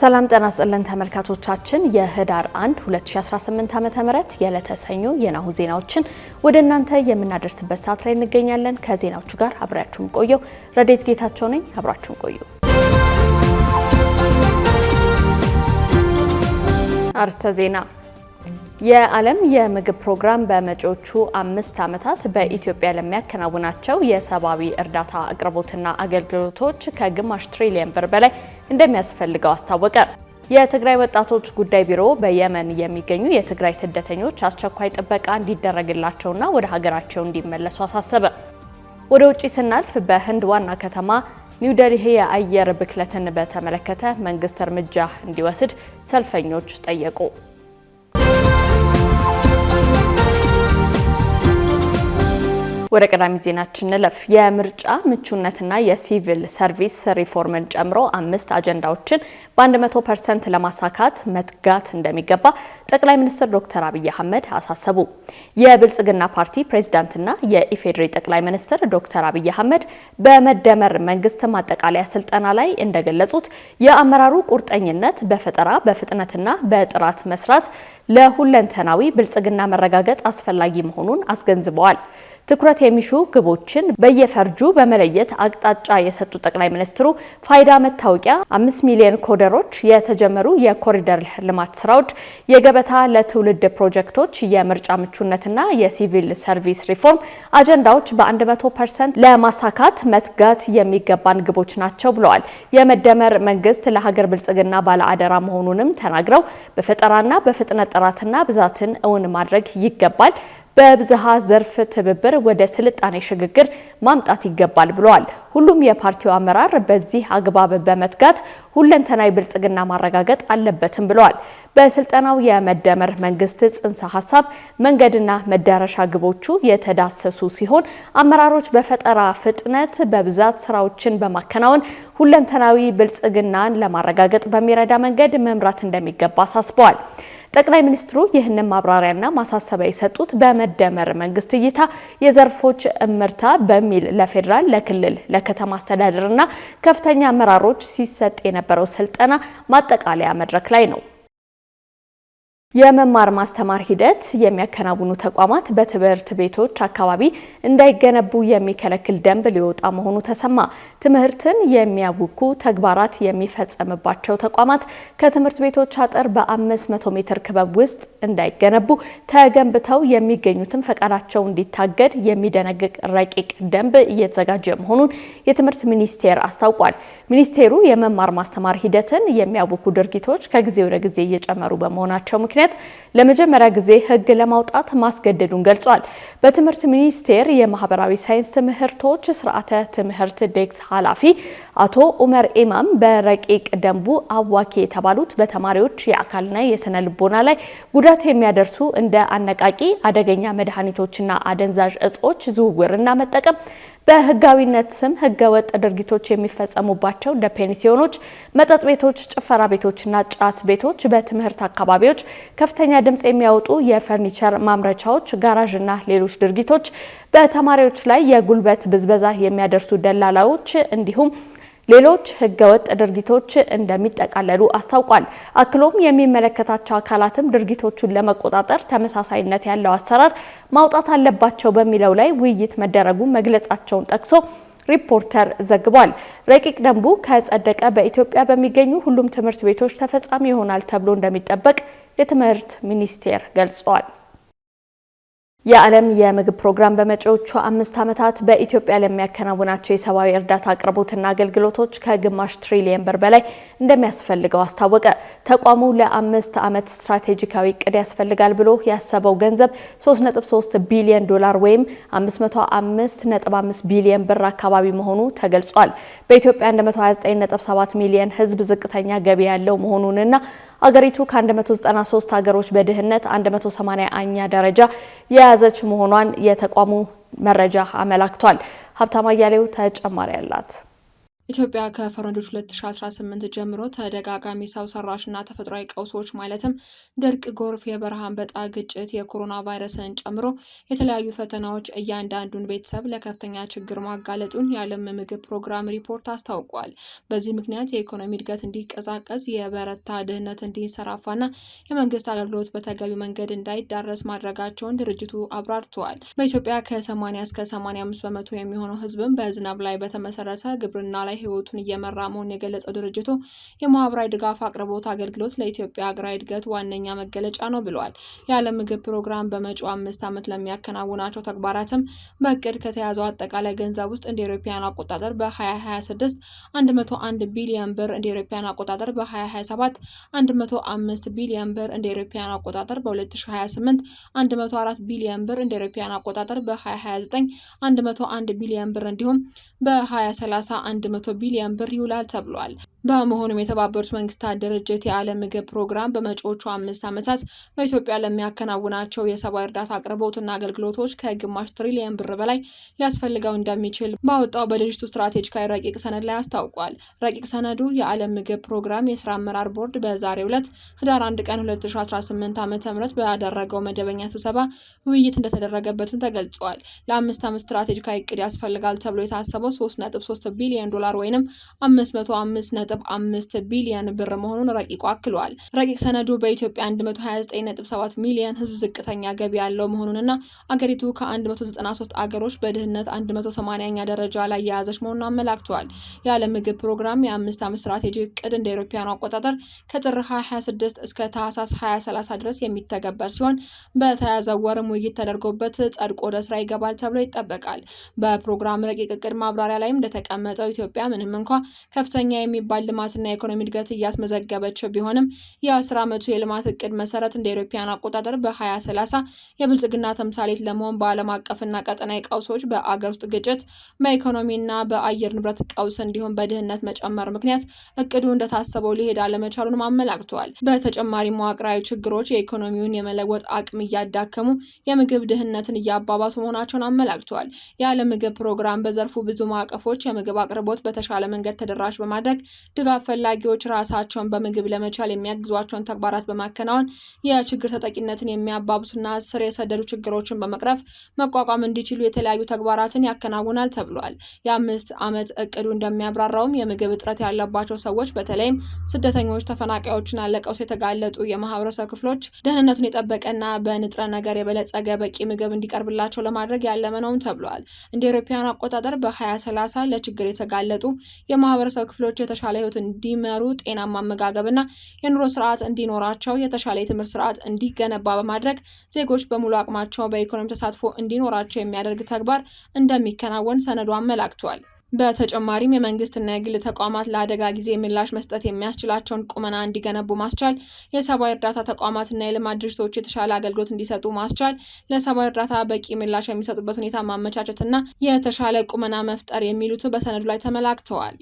ሰላም ጤና ይስጥልን ተመልካቾቻችን፣ የህዳር 1 2018 ዓ.ም የዕለተ ሰኞ የናሁ ዜናዎችን ወደ እናንተ የምናደርስበት ሰዓት ላይ እንገኛለን። ከዜናዎቹ ጋር አብራችሁን ቆየው። ረዴት ጌታቸው ነኝ። አብራችሁን ቆዩ። አርስተ ዜና የዓለም የምግብ ፕሮግራም በመጪዎቹ አምስት ዓመታት በኢትዮጵያ ለሚያከናውናቸው የሰብአዊ እርዳታ አቅርቦትና አገልግሎቶች ከግማሽ ትሪሊየን ብር በላይ እንደሚያስፈልገው አስታወቀ። የትግራይ ወጣቶች ጉዳይ ቢሮ በየመን የሚገኙ የትግራይ ስደተኞች አስቸኳይ ጥበቃ እንዲደረግላቸውና ወደ ሀገራቸው እንዲመለሱ አሳሰበ። ወደ ውጭ ስናልፍ በህንድ ዋና ከተማ ኒው የአየር ብክለትን በተመለከተ መንግስት እርምጃ እንዲወስድ ሰልፈኞች ጠየቁ። ወደ ቀዳሚ ዜናችን እንለፍ። የምርጫ ምቹነትና የሲቪል ሰርቪስ ሪፎርምን ጨምሮ አምስት አጀንዳዎችን በ100 ፐርሰንት ለማሳካት መትጋት እንደሚገባ ጠቅላይ ሚኒስትር ዶክተር አብይ አህመድ አሳሰቡ። የብልጽግና ፓርቲ ፕሬዝዳንትና የኢፌዴሪ ጠቅላይ ሚኒስትር ዶክተር አብይ አህመድ በመደመር መንግስት ማጠቃለያ ስልጠና ላይ እንደገለጹት የአመራሩ ቁርጠኝነት በፈጠራ በፍጥነትና በጥራት መስራት ለሁለንተናዊ ብልጽግና መረጋገጥ አስፈላጊ መሆኑን አስገንዝበዋል። ትኩረት የሚሹ ግቦችን በየፈርጁ በመለየት አቅጣጫ የሰጡ ጠቅላይ ሚኒስትሩ ፋይዳ መታወቂያ፣ አምስት ሚሊዮን ኮደሮች፣ የተጀመሩ የኮሪደር ልማት ስራዎች፣ የገበታ ለትውልድ ፕሮጀክቶች፣ የምርጫ ምቹነትና የሲቪል ሰርቪስ ሪፎርም አጀንዳዎች በ100 ፐርሰንት ለማሳካት መትጋት የሚገባን ግቦች ናቸው ብለዋል። የመደመር መንግስት ለሀገር ብልጽግና ባለአደራ መሆኑንም ተናግረው በፈጠራና በፍጥነት ጥራትና ብዛትን እውን ማድረግ ይገባል። በብዝሃ ዘርፍ ትብብር ወደ ስልጣኔ ሽግግር ማምጣት ይገባል ብለዋል። ሁሉም የፓርቲው አመራር በዚህ አግባብ በመትጋት ሁለንተናዊ ብልጽግና ማረጋገጥ አለበትም ብለዋል። በስልጠናው የመደመር መንግስት ጽንሰ ሀሳብ መንገድና መዳረሻ ግቦቹ የተዳሰሱ ሲሆን አመራሮች በፈጠራ ፍጥነት በብዛት ስራዎችን በማከናወን ሁለንተናዊ ብልጽግናን ለማረጋገጥ በሚረዳ መንገድ መምራት እንደሚገባ አሳስበዋል። ጠቅላይ ሚኒስትሩ ይህንን ማብራሪያና ማሳሰቢያ የሰጡት በመደመር መንግስት እይታ የዘርፎች እምርታ በሚል ለፌዴራል፣ ለክልል፣ ለከተማ አስተዳደርና ከፍተኛ አመራሮች ሲሰጥ የነበረው ስልጠና ማጠቃለያ መድረክ ላይ ነው። የመማር ማስተማር ሂደት የሚያከናውኑ ተቋማት በትምህርት ቤቶች አካባቢ እንዳይገነቡ የሚከለክል ደንብ ሊወጣ መሆኑ ተሰማ። ትምህርትን የሚያውኩ ተግባራት የሚፈጸምባቸው ተቋማት ከትምህርት ቤቶች አጥር በ500 ሜትር ክበብ ውስጥ እንዳይገነቡ፣ ተገንብተው የሚገኙትም ፈቃዳቸው እንዲታገድ የሚደነግግ ረቂቅ ደንብ እየተዘጋጀ መሆኑን የትምህርት ሚኒስቴር አስታውቋል። ሚኒስቴሩ የመማር ማስተማር ሂደትን የሚያውኩ ድርጊቶች ከጊዜ ወደ ጊዜ እየጨመሩ በመሆናቸው ምክንያት ምክንያት ለመጀመሪያ ጊዜ ህግ ለማውጣት ማስገደዱን ገልጿል። በትምህርት ሚኒስቴር የማህበራዊ ሳይንስ ትምህርቶች ስርዓተ ትምህርት ዴክስ ኃላፊ አቶ ኡመር ኢማም በረቂቅ ደንቡ አዋኪ የተባሉት በተማሪዎች የአካልና የስነ ልቦና ላይ ጉዳት የሚያደርሱ እንደ አነቃቂ፣ አደገኛ መድኃኒቶችና አደንዛዥ እጾች ዝውውርና መጠቀም በህጋዊነት ስም ህገወጥ ድርጊቶች የሚፈጸሙባቸው እንደ ፔንሲዮኖች፣ መጠጥ ቤቶች፣ ጭፈራ ቤቶችና ጫት ቤቶች፣ በትምህርት አካባቢዎች ከፍተኛ ድምፅ የሚያወጡ የፈርኒቸር ማምረቻዎች፣ ጋራዥና ሌሎች ድርጊቶች፣ በተማሪዎች ላይ የጉልበት ብዝበዛ የሚያደርሱ ደላላዎች እንዲሁም ሌሎች ህገወጥ ድርጊቶች እንደሚጠቃለሉ አስታውቋል። አክሎም የሚመለከታቸው አካላትም ድርጊቶቹን ለመቆጣጠር ተመሳሳይነት ያለው አሰራር ማውጣት አለባቸው በሚለው ላይ ውይይት መደረጉን መግለጻቸውን ጠቅሶ ሪፖርተር ዘግቧል። ረቂቅ ደንቡ ከጸደቀ በኢትዮጵያ በሚገኙ ሁሉም ትምህርት ቤቶች ተፈጻሚ ይሆናል ተብሎ እንደሚጠበቅ የትምህርት ሚኒስቴር ገልጿል። የዓለም የምግብ ፕሮግራም በመጪዎቹ አምስት ዓመታት በኢትዮጵያ ለሚያከናውናቸው የሰብአዊ እርዳታ አቅርቦትና አገልግሎቶች ከግማሽ ትሪሊየን ብር በላይ እንደሚያስፈልገው አስታወቀ። ተቋሙ ለአምስት ዓመት ስትራቴጂካዊ እቅድ ያስፈልጋል ብሎ ያሰበው ገንዘብ 3.3 ቢሊዮን ዶላር ወይም 555 ቢሊዮን ብር አካባቢ መሆኑ ተገልጿል። በኢትዮጵያ 129.7 ሚሊዮን ሕዝብ ዝቅተኛ ገቢ ያለው መሆኑንና አገሪቱ ከ193 ሀገሮች በድህነት 180ኛ ደረጃ የያዘች መሆኗን የተቋሙ መረጃ አመላክቷል። ሀብታማ አያሌው ተጨማሪ አላት። ኢትዮጵያ ከፈረንጆች 2018 ጀምሮ ተደጋጋሚ ሰው ሰራሽና ተፈጥሯዊ ቀውሶች ማለትም ድርቅ፣ ጎርፍ፣ የበረሃ አንበጣ፣ ግጭት፣ የኮሮና ቫይረስን ጨምሮ የተለያዩ ፈተናዎች እያንዳንዱን ቤተሰብ ለከፍተኛ ችግር ማጋለጡን የዓለም ምግብ ፕሮግራም ሪፖርት አስታውቋል። በዚህ ምክንያት የኢኮኖሚ እድገት እንዲቀዛቀዝ፣ የበረታ ድህነት እንዲንሰራፋና የመንግስት አገልግሎት በተገቢ መንገድ እንዳይዳረስ ማድረጋቸውን ድርጅቱ አብራርተዋል። በኢትዮጵያ ከ80 እስከ 85 በመቶ የሚሆነው ህዝብም በዝናብ ላይ በተመሰረተ ግብርና ላይ ህይወቱን እየመራ መሆኑን የገለጸው ድርጅቱ የማህበራዊ ድጋፍ አቅርቦት አገልግሎት ለኢትዮጵያ ሀገራዊ እድገት ዋነኛ መገለጫ ነው ብለዋል። የዓለም ምግብ ፕሮግራም በመጪው አምስት ዓመት ለሚያከናውናቸው ተግባራትም በእቅድ ከተያዘው አጠቃላይ ገንዘብ ውስጥ እንደ ኤሮፓያን አቆጣጠር በ2026 101 ቢሊዮን ብር እንደ ኤሮፓያን አቆጣጠር በ2027 105 ቢሊዮን ብር እንደ ኤሮፓያን አቆጣጠር በ2028 104 ቢሊዮን ብር እንደ ኤሮፓያን አቆጣጠር በ2029 101 ቢሊዮን ብር እንዲሁም በ2030 100 ቢሊዮን ብር ይውላል ተብሏል። በመሆኑም የተባበሩት መንግስታት ድርጅት የዓለም ምግብ ፕሮግራም በመጪዎቹ አምስት ዓመታት በኢትዮጵያ ለሚያከናውናቸው የሰብአዊ እርዳታ አቅርቦትና አገልግሎቶች ከግማሽ ትሪሊየን ብር በላይ ሊያስፈልገው እንደሚችል ባወጣው በድርጅቱ ስትራቴጂካዊ ረቂቅ ሰነድ ላይ አስታውቋል። ረቂቅ ሰነዱ የዓለም ምግብ ፕሮግራም የስራ አመራር ቦርድ በዛሬው ዕለት ህዳር 1 ቀን 2018 ዓ ም ባደረገው መደበኛ ስብሰባ ውይይት እንደተደረገበትም ተገልጿል። ለአምስት ዓመት ስትራቴጂካዊ እቅድ ያስፈልጋል ተብሎ የታሰበው 3.3 ቢሊዮን ዶላር ወይም 505 1.5 ቢሊዮን ብር መሆኑን ረቂቁ አክሏል። ረቂቅ ሰነዱ በኢትዮጵያ 129.7 ሚሊዮን ህዝብ ዝቅተኛ ገቢ ያለው መሆኑንና አገሪቱ ከ193 አገሮች በድህነት 180ኛ ደረጃ ላይ የያዘች መሆኑን አመላክተዋል። የዓለም ምግብ ፕሮግራም የአምስት ዓመት ስትራቴጂ እቅድ እንደ አውሮፓውያኑ አቆጣጠር ከጥር 26 እስከ ታህሳስ 2030 ድረስ የሚተገበር ሲሆን በተያዘ ወርም ውይይት ተደርጎበት ጸድቆ ወደ ስራ ይገባል ተብሎ ይጠበቃል። በፕሮግራም ረቂቅ እቅድ ማብራሪያ ላይም እንደተቀመጠው ኢትዮጵያ ምንም እንኳ ከፍተኛ የሚባል የአባል ልማትና የኢኮኖሚ እድገት እያስመዘገበችው ቢሆንም የአስር ዓመቱ የልማት እቅድ መሰረት እንደ ኢትዮጵያን አቆጣጠር በ2030 የብልጽግና ተምሳሌት ለመሆን በዓለም አቀፍና ቀጠናዊ ቀውሶች፣ በአገር ውስጥ ግጭት፣ በኢኮኖሚና በአየር ንብረት ቀውስ እንዲሁም በድህነት መጨመር ምክንያት እቅዱ እንደታሰበው ሊሄድ አለመቻሉንም አመላክተዋል። በተጨማሪ መዋቅራዊ ችግሮች የኢኮኖሚውን የመለወጥ አቅም እያዳከሙ የምግብ ድህነትን እያባባሱ መሆናቸውን አመላክተዋል። የዓለም ምግብ ፕሮግራም በዘርፉ ብዙ ማዕቀፎች የምግብ አቅርቦት በተሻለ መንገድ ተደራሽ በማድረግ ድጋፍ ፈላጊዎች ራሳቸውን በምግብ ለመቻል የሚያግዟቸውን ተግባራት በማከናወን የችግር ተጠቂነትን የሚያባብሱና ስር የሰደዱ ችግሮችን በመቅረፍ መቋቋም እንዲችሉ የተለያዩ ተግባራትን ያከናውናል ተብሏል። የአምስት ዓመት እቅዱ እንደሚያብራራውም የምግብ እጥረት ያለባቸው ሰዎች በተለይም ስደተኞች፣ ተፈናቃዮችና ለቀውስ የተጋለጡ የማህበረሰብ ክፍሎች ደህንነቱን የጠበቀና በንጥረ ነገር የበለጸገ በቂ ምግብ እንዲቀርብላቸው ለማድረግ ያለመ ነውም ተብሏል። እንደ አውሮፓውያን አቆጣጠር በ2030 ለችግር የተጋለጡ የማህበረሰብ ክፍሎች የተሻለ ህይወት እንዲመሩ ጤናማ አመጋገብና የኑሮ ስርዓት እንዲኖራቸው የተሻለ የትምህርት ስርዓት እንዲገነባ በማድረግ ዜጎች በሙሉ አቅማቸው በኢኮኖሚ ተሳትፎ እንዲኖራቸው የሚያደርግ ተግባር እንደሚከናወን ሰነዱ አመላክቷል። በተጨማሪም የመንግስትና የግል ተቋማት ለአደጋ ጊዜ ምላሽ መስጠት የሚያስችላቸውን ቁመና እንዲገነቡ ማስቻል፣ የሰብአዊ እርዳታ ተቋማትና የልማት ድርጅቶች የተሻለ አገልግሎት እንዲሰጡ ማስቻል፣ ለሰብአዊ እርዳታ በቂ ምላሽ የሚሰጡበት ሁኔታ ማመቻቸትና የተሻለ ቁመና መፍጠር የሚሉት በሰነዱ ላይ ተመላክተዋል።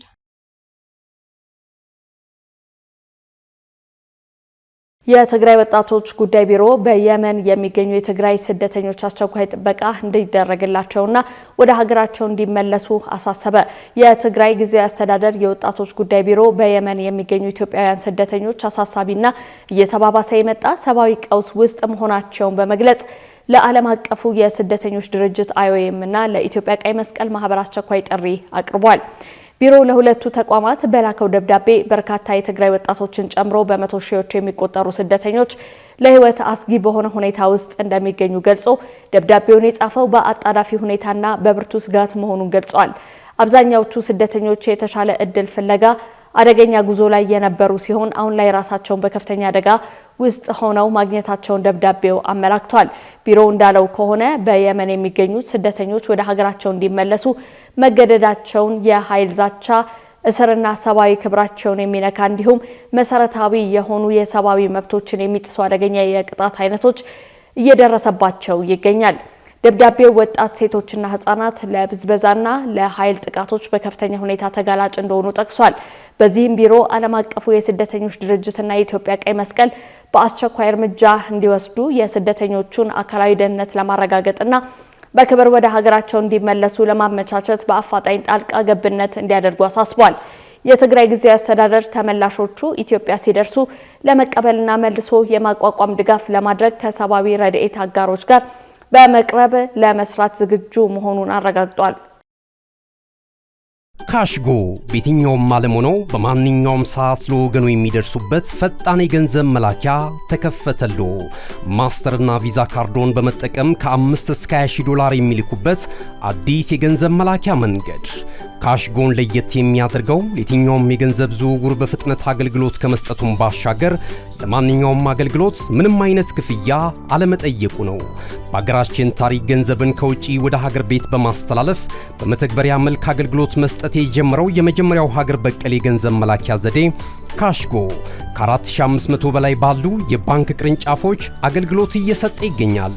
የትግራይ ወጣቶች ጉዳይ ቢሮ በየመን የሚገኙ የትግራይ ስደተኞች አስቸኳይ ጥበቃ እንዲደረግላቸውና ወደ ሀገራቸው እንዲመለሱ አሳሰበ። የትግራይ ጊዜያዊ አስተዳደር የወጣቶች ጉዳይ ቢሮ በየመን የሚገኙ ኢትዮጵያውያን ስደተኞች አሳሳቢና እየተባባሰ የመጣ ሰብአዊ ቀውስ ውስጥ መሆናቸውን በመግለጽ ለዓለም አቀፉ የስደተኞች ድርጅት አይኦኤም እና ለኢትዮጵያ ቀይ መስቀል ማህበር አስቸኳይ ጥሪ አቅርቧል። ቢሮው ለሁለቱ ተቋማት በላከው ደብዳቤ በርካታ የትግራይ ወጣቶችን ጨምሮ በመቶ ሺዎች የሚቆጠሩ ስደተኞች ለህይወት አስጊ በሆነ ሁኔታ ውስጥ እንደሚገኙ ገልጾ ደብዳቤውን የጻፈው በአጣዳፊ ሁኔታና በብርቱ ስጋት መሆኑን ገልጿል። አብዛኛዎቹ ስደተኞች የተሻለ እድል ፍለጋ አደገኛ ጉዞ ላይ የነበሩ ሲሆን አሁን ላይ ራሳቸውን በከፍተኛ አደጋ ውስጥ ሆነው ማግኘታቸውን ደብዳቤው አመላክቷል። ቢሮው እንዳለው ከሆነ በየመን የሚገኙ ስደተኞች ወደ ሀገራቸው እንዲመለሱ መገደዳቸውን የኃይል ዛቻ እስርና ሰብአዊ ክብራቸውን የሚነካ እንዲሁም መሰረታዊ የሆኑ የሰብአዊ መብቶችን የሚጥሱ አደገኛ የቅጣት አይነቶች እየደረሰባቸው ይገኛል። ደብዳቤው ወጣት ሴቶችና ህጻናት ለብዝበዛና ለኃይል ጥቃቶች በከፍተኛ ሁኔታ ተጋላጭ እንደሆኑ ጠቅሷል። በዚህም ቢሮ ዓለም አቀፉ የስደተኞች ድርጅትና የኢትዮጵያ ቀይ መስቀል በአስቸኳይ እርምጃ እንዲወስዱ የስደተኞቹን አካላዊ ደህንነት ለማረጋገጥና በክብር ወደ ሀገራቸው እንዲመለሱ ለማመቻቸት በአፋጣኝ ጣልቃ ገብነት እንዲያደርጉ አሳስቧል። የትግራይ ጊዜያዊ አስተዳደር ተመላሾቹ ኢትዮጵያ ሲደርሱ ለመቀበልና መልሶ የማቋቋም ድጋፍ ለማድረግ ከሰብአዊ ረድኤት አጋሮች ጋር በመቅረብ ለመስራት ዝግጁ መሆኑን አረጋግጧል። ካሽጎ በየትኛውም ዓለም ሆነው በማንኛውም ሰዓት ለወገኑ የሚደርሱበት ፈጣን የገንዘብ መላኪያ ተከፈተሎ። ማስተርና ቪዛ ካርዶን በመጠቀም ከ5 እስከ 20 ዶላር የሚልኩበት አዲስ የገንዘብ መላኪያ መንገድ። ካሽጎን ለየት የሚያደርገው የትኛውም የገንዘብ ዝውውር በፍጥነት አገልግሎት ከመስጠቱም ባሻገር ለማንኛውም አገልግሎት ምንም አይነት ክፍያ አለመጠየቁ ነው። በሀገራችን ታሪክ ገንዘብን ከውጪ ወደ ሀገር ቤት በማስተላለፍ በመተግበሪያ መልክ አገልግሎት መስጠት የጀመረው የመጀመሪያው ሀገር በቀል የገንዘብ መላኪያ ዘዴ ካሽጎ ከ4500 በላይ ባሉ የባንክ ቅርንጫፎች አገልግሎት እየሰጠ ይገኛል።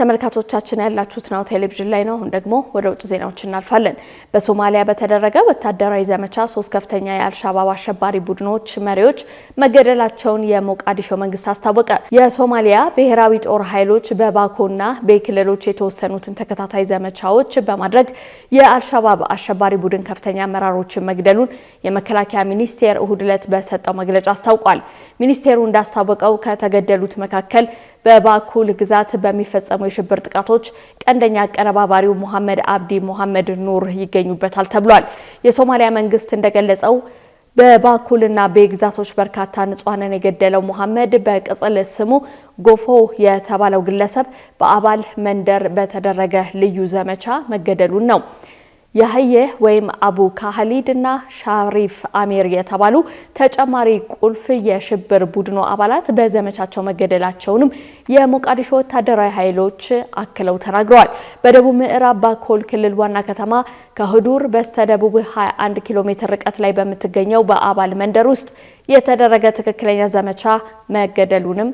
ተመልካቾቻችን ያላችሁት ናሁ ቴሌቪዥን ላይ ነው። አሁን ደግሞ ወደ ውጭ ዜናዎች እናልፋለን። በሶማሊያ በተደረገ ወታደራዊ ዘመቻ ሶስት ከፍተኛ የአልሻባብ አሸባሪ ቡድኖች መሪዎች መገደላቸውን የሞቃዲሾ መንግስት አስታወቀ። የሶማሊያ ብሔራዊ ጦር ኃይሎች በባኮና በክልሎች የተወሰኑትን ተከታታይ ዘመቻዎች በማድረግ የአልሻባብ አሸባሪ ቡድን ከፍተኛ አመራሮችን መግደሉን የመከላከያ ሚኒስቴር እሁድ ዕለት በሰጠው መግለጫ አስታውቋል። ሚኒስቴሩ እንዳስታወቀው ከተገደሉት መካከል በባኩል ግዛት በሚፈጸሙ የሽብር ጥቃቶች ቀንደኛ አቀነባባሪው መሐመድ አብዲ መሐመድ ኑር ይገኙበታል ተብሏል። የሶማሊያ መንግስት እንደገለጸው በባኩልና ቤ በርካታ ንጹሐንን የገደለው መሐመድ በቅጽል ስሙ ጎፎ የተባለው ግለሰብ በአባል መንደር በተደረገ ልዩ ዘመቻ መገደሉን ነው። ያህየህ ወይም አቡ ካህሊድ እና ሻሪፍ አሜር የተባሉ ተጨማሪ ቁልፍ የሽብር ቡድኑ አባላት በዘመቻቸው መገደላቸውንም የሞቃዲሾ ወታደራዊ ኃይሎች አክለው ተናግረዋል። በደቡብ ምዕራብ ባኮል ክልል ዋና ከተማ ከህዱር በስተደቡብ 21 ኪሎ ሜትር ርቀት ላይ በምትገኘው በአባል መንደር ውስጥ የተደረገ ትክክለኛ ዘመቻ መገደሉንም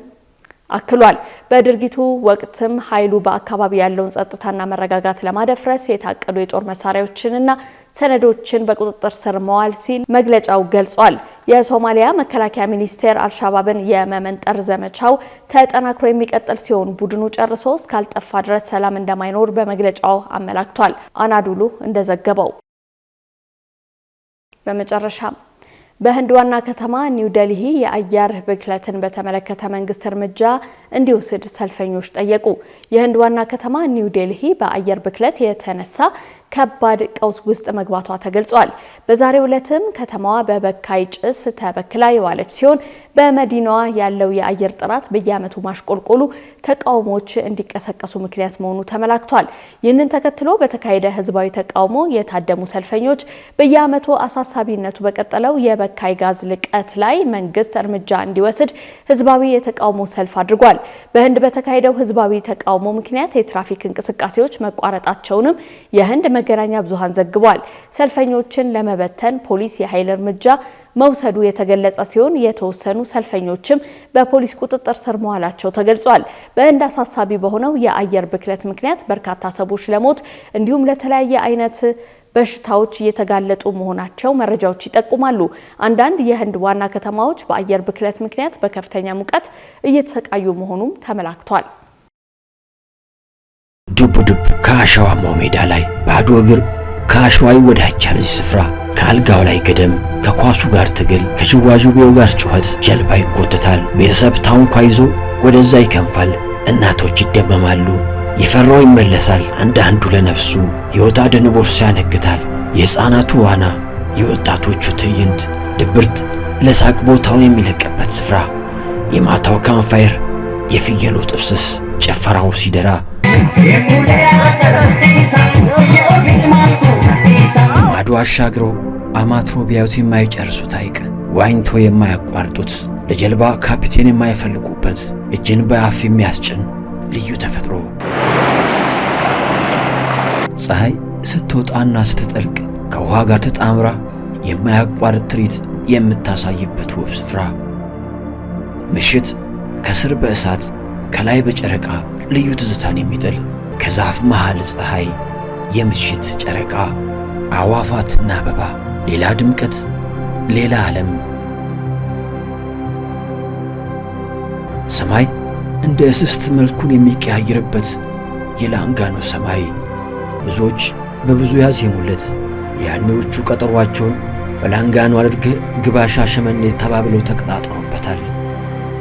አክሏል። በድርጊቱ ወቅትም ኃይሉ በአካባቢ ያለውን ጸጥታና መረጋጋት ለማደፍረስ የታቀዱ የጦር መሳሪያዎችንና ሰነዶችን በቁጥጥር ስር መዋል ሲል መግለጫው ገልጿል። የሶማሊያ መከላከያ ሚኒስቴር አልሻባብን የመመንጠር ዘመቻው ተጠናክሮ የሚቀጥል ሲሆን ቡድኑ ጨርሶ እስካልጠፋ ድረስ ሰላም እንደማይኖር በመግለጫው አመላክቷል። አናዱሉ እንደዘገበው በመጨረሻም በህንድ ዋና ከተማ ኒው ደልሂ የአየር ብክለትን በተመለከተ መንግስት እርምጃ እንዲወስድ ሰልፈኞች ጠየቁ። የህንድ ዋና ከተማ ኒው ደልሂ በአየር ብክለት የተነሳ ከባድ ቀውስ ውስጥ መግባቷ ተገልጿል። በዛሬው ዕለትም ከተማዋ በበካይ ጭስ ተበክላ የዋለች ሲሆን በመዲናዋ ያለው የአየር ጥራት በየዓመቱ ማሽቆልቆሉ ተቃውሞዎች እንዲቀሰቀሱ ምክንያት መሆኑ ተመላክቷል። ይህንን ተከትሎ በተካሄደ ህዝባዊ ተቃውሞ የታደሙ ሰልፈኞች በየዓመቱ አሳሳቢነቱ በቀጠለው የበካይ ጋዝ ልቀት ላይ መንግስት እርምጃ እንዲወስድ ህዝባዊ የተቃውሞ ሰልፍ አድርጓል። በህንድ በተካሄደው ህዝባዊ ተቃውሞ ምክንያት የትራፊክ እንቅስቃሴዎች መቋረጣቸውንም የህንድ መገናኛ ብዙሃን ዘግቧል። ሰልፈኞችን ለመበተን ፖሊስ የኃይል እርምጃ መውሰዱ የተገለጸ ሲሆን የተወሰኑ ሰልፈኞችም በፖሊስ ቁጥጥር ስር መዋላቸው ተገልጿል። በህንድ አሳሳቢ በሆነው የአየር ብክለት ምክንያት በርካታ ሰዎች ለሞት እንዲሁም ለተለያየ አይነት በሽታዎች እየተጋለጡ መሆናቸው መረጃዎች ይጠቁማሉ። አንዳንድ የህንድ ዋና ከተማዎች በአየር ብክለት ምክንያት በከፍተኛ ሙቀት እየተሰቃዩ መሆኑም ተመላክቷል። ዱብ ዱብ ከአሸዋማው ሜዳ ላይ ባዶ እግር ከአሸዋ ይወዳጃል። እዚህ ስፍራ ከአልጋው ላይ ግድም፣ ከኳሱ ጋር ትግል፣ ከዥዋዥዌው ጋር ጩኸት፣ ጀልባ ይጎተታል። ቤተሰብ ታንኳ ይዞ ወደዛ ይከንፋል። እናቶች ይደመማሉ። የፈራው ይመለሳል። አንዳንዱ ለነፍሱ ሕይወት አድን ቦርሳ ያነግታል። የሕፃናቱ ዋና፣ የወጣቶቹ ትዕይንት፣ ድብርት ለሳቅ ቦታውን የሚለቀበት ስፍራ፣ የማታው ካምፋየር፣ የፍየሉ ጥብስስ፣ ጭፈራው ሲደራ ማዶ አሻግረው አማትሮ ቢያዩት የማይጨርሱት ሐይቅ፣ ዋኝቶ የማያቋርጡት፣ ለጀልባ ካፒቴን የማይፈልጉበት፣ እጅን በአፍ የሚያስጭን ልዩ ተፈጥሮ። ፀሐይ ስትወጣና ስትጠልቅ ከውሃ ጋር ተጣምራ የማያቋርጥ ትርኢት የምታሳይበት ውብ ስፍራ ምሽት ከስር በእሳት ከላይ በጨረቃ ልዩ ትዝታን የሚጥል ከዛፍ መሃል ፀሐይ፣ የምሽት ጨረቃ፣ አዋፋትና አበባ፣ ሌላ ድምቀት፣ ሌላ ዓለም። ሰማይ እንደ እስስት መልኩን የሚቀያየርበት የላንጋኖ ሰማይ ብዙዎች በብዙ ያዜሙለት ያኔዎቹ ቀጠሯቸውን በላንጋኖ አድርገ ግባሻ ሸመኔ ተባብለው ተቀጣጥረውበታል።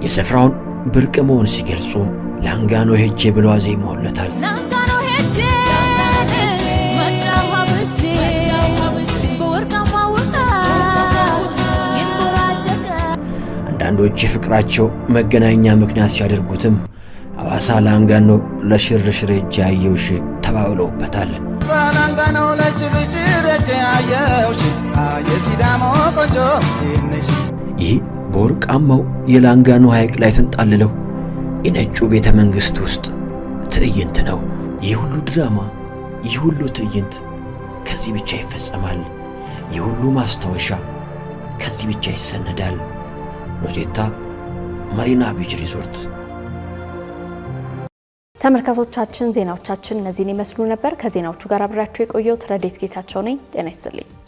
የስፍራውን ብርቅ መሆን ሲገልጹ ላንጋኖ ሄጄ ብሎ አዜመውለታል። አንዳንዶች የፍቅራቸው መገናኛ ምክንያት ሲያደርጉትም አዋሳ ላንጋኖ ለሽርሽር ሄጄ አየውሽ ተባብለውበታል። ይህ በወርቃማው የላንጋኖ ሐይቅ ላይ ተንጣልለው የነጩ ቤተ መንግሥት ውስጥ ትዕይንት ነው። ይህ ሁሉ ድራማ፣ ይህ ሁሉ ትዕይንት ከዚህ ብቻ ይፈጸማል። ይህ ሁሉ ማስታወሻ ከዚህ ብቻ ይሰነዳል። ሮዜታ ማሪና ቢች ሪዞርት። ተመልካቾቻችን ዜናዎቻችን እነዚህን ይመስሉ ነበር። ከዜናዎቹ ጋር አብሬያችሁ የቆየሁት ረዴት ጌታቸው ነኝ። ጤና ይስጥልኝ።